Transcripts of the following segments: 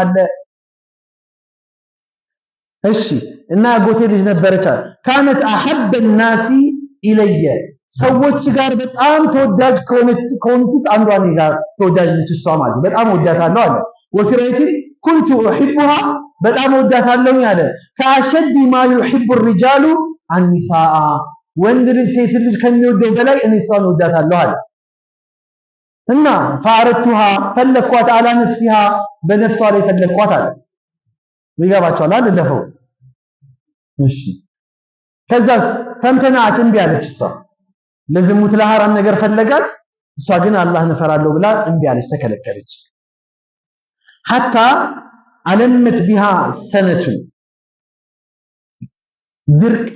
አለ። እሺ እና አጎቴ ልጅ ነበረች ካነት አሐበ ናሲ ኢለየ ሰዎች ጋር በጣም ተወዳጅ ከሆኑትስ አንዷ እኔ ጋር ተወዳጅ ነች እሷ ማለት በጣም ወዳታለሁ አለ። ወፊራይቲን ኩንቱ ኡሂቡሃ በጣም ወዳታለሁ ያለ ከአሸዲ ማ ዩሂቡ ሪጃሉ አንኒሳአ ወንድ ልጅ ሴት ልጅ ከሚወደው በላይ እኔ እሷን ወዳታለሁ አለ። እና ፈአረድቱሃ ፈለግኳት አላ ነፍሲሃ በነፍሷ ላይ ፈለግኳት አለ። ይገባቸዋል አይደል? እሺ። ከዛስ ፈምተናት እምቢ አለች። እሷ ለዝሙት ለሐራም ነገር ፈለጋት። እሷ ግን አላህን እፈራለሁ ብላ እምቢ አለች፣ ተከለከለች። ሐታ አለመት ቢሃ ሰነቱ ድርቅ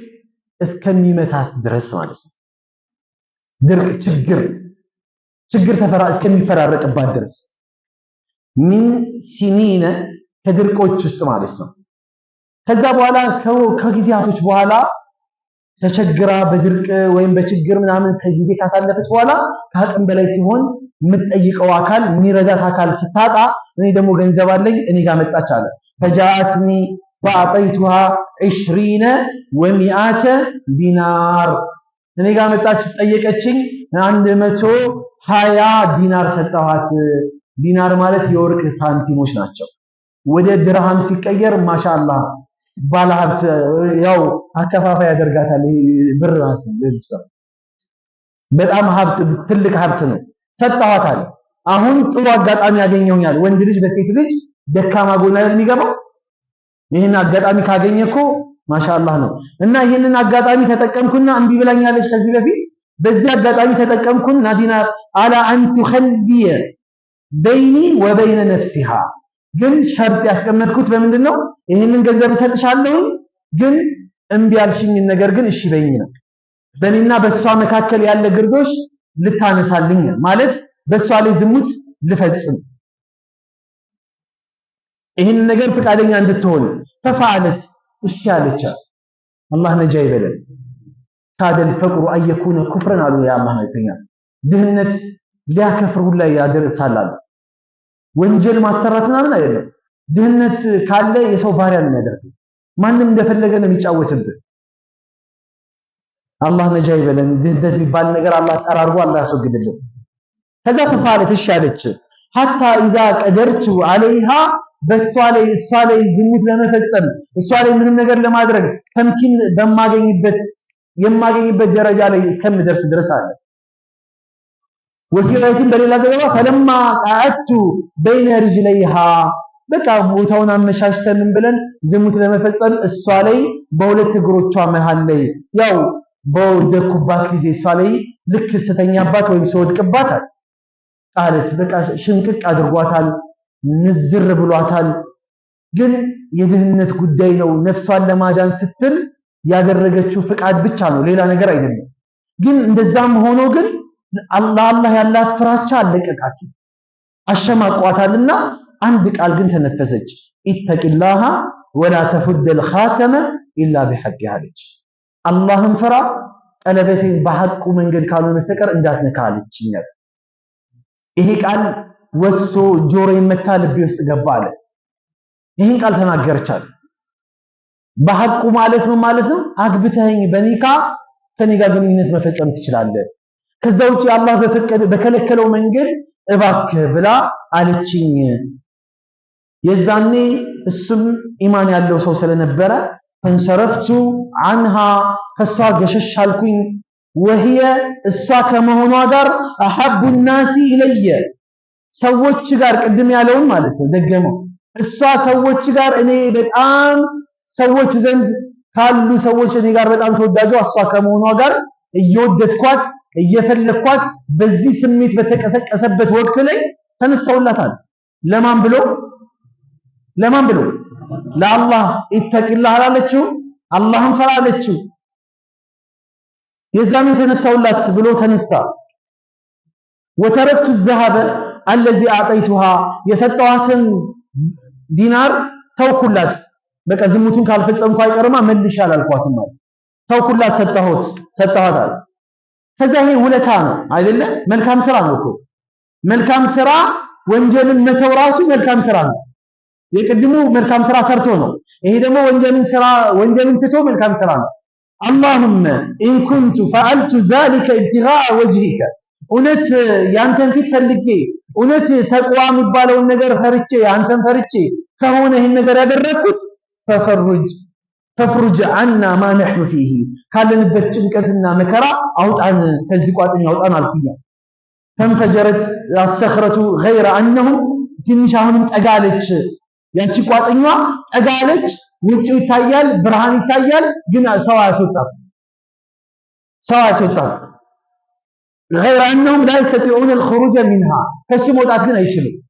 እስከሚመታት ድረስ ማለት ነው። ድርቅ ችግር ችግር ተፈራ እስከሚፈራረቅባት ድረስ ሚን ሲኒነ ከድርቆች ውስጥ ማለት ነው። ከዛ በኋላ ከጊዜያቶች በኋላ ተቸግራ በድርቅ ወይም በችግር ምናምን ከጊዜ ካሳለፈች በኋላ ከአቅም በላይ ሲሆን የምትጠይቀው አካል የሚረዳት አካል ስታጣ እኔ ደግሞ ገንዘብ አለኝ እኔ ጋር መጣች አለ ፈጃአትኒ ፈአጠይቱሃ ዒሽሪነ ወሚአተ ዲናር እኔ ጋር መጣች ጠየቀችኝ አንድ መቶ ሀያ ዲናር ሰጠኋት። ዲናር ማለት የወርቅ ሳንቲሞች ናቸው። ወደ ድርሃም ሲቀየር ማሻአላ ባለሀብት ያው አከፋፋይ ያደርጋታል። ብር በጣም ሀብት ትልቅ ሀብት ነው። ሰጠኋት አለ። አሁን ጥሩ አጋጣሚ ያገኘውኛል። ወንድ ልጅ በሴት ልጅ ደካማ ጎና የሚገባው ይህን አጋጣሚ ካገኘ እኮ ማሻአላ ነው። እና ይህንን አጋጣሚ ተጠቀምኩና እምቢ ብላኛለች ከዚህ በፊት በዚህ አጋጣሚ ተጠቀምኩን ናዲና አላ አን ትኸልየ በይኒ ወበይነ ነፍሲሃ ግን ሸርጥ ያስቀመጥኩት በምንድን ነው? ይህንን ገንዘብ እሰጥሻለሁ ግን እምቢ ያልሽኝ ነገር ግን እሺ በይኝ ነው። በእኔና በእሷ መካከል ያለ ግርዶሽ ልታነሳልኝ ማለት በእሷ ላይ ዝሙት ልፈጽም ይህንን ነገር ፈቃደኛ እንድትሆን ተፋለት እሺ አለቻት። አላህ ነጃ ይበለን። ካደል ፈቅሩ አየኩነ ኩፍረን አሉ። የአላህ መልእክተኛ ድህነት ሊያከፍር ሁላ ያደርሳል አሉ። ወንጀል ማሰራት ምናምን አይደለም። ድህነት ካለ የሰው ባሪያ ነው የሚያደርገው። ማንም እንደፈለገ ነው የሚጫወትብህ። አላህ ነጃ ይበለን። ድህነት የሚባል ነገር አላህ ጠራርጎ አላህ ያስወግድልን። ከዛ ተፋለት እሺ አለች። ሀታ ኢዛ ቀደርቱ አለይሃ በእሷ ላይ እሷ ላይ ዝሙት ለመፈጸም እሷ ላይ ምንም ነገር ለማድረግ ተምኪን በማገኝበት የማገኝበት ደረጃ ላይ እስከምደርስ ድረስ አለ። ወፊ በሌላ ዘገባ ፈለማ ቃዓቱ በይነ ርጅለይሃ በቃ ቦታውን አመሻሽተንም ብለን ዝሙት ለመፈጸም እሷ ላይ በሁለት እግሮቿ መሃል ላይ ያው በወደኩባት ጊዜ እሷ ላይ ልክ ስተኛባት ወይም ስወድቅባታል ቃለት በቃ ሽምቅቅ አድርጓታል፣ ምዝር ብሏታል። ግን የድህነት ጉዳይ ነው። ነፍሷን ለማዳን ስትል ያደረገችው ፍቃድ ብቻ ነው፣ ሌላ ነገር አይደለም። ግን እንደዛም ሆኖ ግን አላህ ያላት ፍራቻ አለቀቃት፣ አሸማቋታልና አንድ ቃል ግን ተነፈሰች። ኢተቂላሃ ወላ ተፉደል ኻተመ ኢላ ቢሐቅ አለች። አላህን ፍራ ቀለበቴን በሐቁ መንገድ ካልሆነ በስተቀር እንዳትነካ አለችኛል። ይሄ ቃል ወስቶ ጆሮ የመታ ልቤ ውስጥ ገባ አለ። ይህን ቃል ተናገርቻል። በሐቁ ማለት ምን ማለት ነው? አግብተኝ በኒካ ከኔ ጋር ግንኙነት መፈጸም ትችላለህ። ከዛ ውጭ አላህ በፈቀደ በከለከለው መንገድ እባክህ ብላ አለችኝ። የዛኔ እሱም ኢማን ያለው ሰው ስለነበረ ፈንሰረፍቱ አንሃ ከሷ ገሸሻልኩኝ። አልኩኝ። ወህየ እሷ ከመሆኗ ጋር አሐቡ ናሲ ኢለየ ሰዎች ጋር ቅድም ያለውን ማለት ነው ደገመው። እሷ ሰዎች ጋር እኔ በጣም ሰዎች ዘንድ ካሉ ሰዎች እኔ ጋር በጣም ተወዳጇ እሷ ከመሆኗ ጋር እየወደድኳት እየፈለግኳት በዚህ ስሜት በተቀሰቀሰበት ወቅት ላይ ተነሳውላታል። ለማን ብሎ ለማን ብሎ ለአላህ ይተቅላህ አላለችው፣ አላህን ፈራ አለችው። የዛኔ ተነሳውላት ብሎ ተነሳ። ወተረክቱ ዘሃበ አለዚ አጠይቱሃ የሰጠዋትን ዲናር ተውኩላት በቃ ዝሙቱን ካልፈጸምኩ አይቀርማ መልሻ አላልኳትም ማለት ተውኩላት፣ ሰጣሁት ሰጣሁት አለ። ከዛ ይሄ ውለታ ነው አይደለ? መልካም ስራ ነው እኮ መልካም ስራ። ወንጀልን መተው ራሱ መልካም ስራ ነው። የቅድሙ መልካም ስራ ሰርቶ ነው። ይሄ ደግሞ ወንጀልን ስራ ወንጀልን ትቶ መልካም ስራ ነው። አላሁመ ኢን ኩንቱ ፈዐልቱ ዛሊከ ኢብቲጋአ ወጅሂከ፣ እውነት ያንተን ፊት ፈልጌ እውነት ተቅዋ የሚባለውን ነገር ፈርቼ አንተን ፈርቼ ከሆነ ይህን ነገር ያደረግኩት ففرج ففرج عنا ما نحن فيه قال نبت جنكتنا مكرا أو أنا أوطعن الكلية فانفجرت الصخرة غير أنهم تنشاهم تقالج يعني تقوات أنواع تقالج ويتو تايال برهان تايال قنع سواء سلطان سواء سلطان غير أنهم لا يستطيعون الخروج منها فسي موت يشلو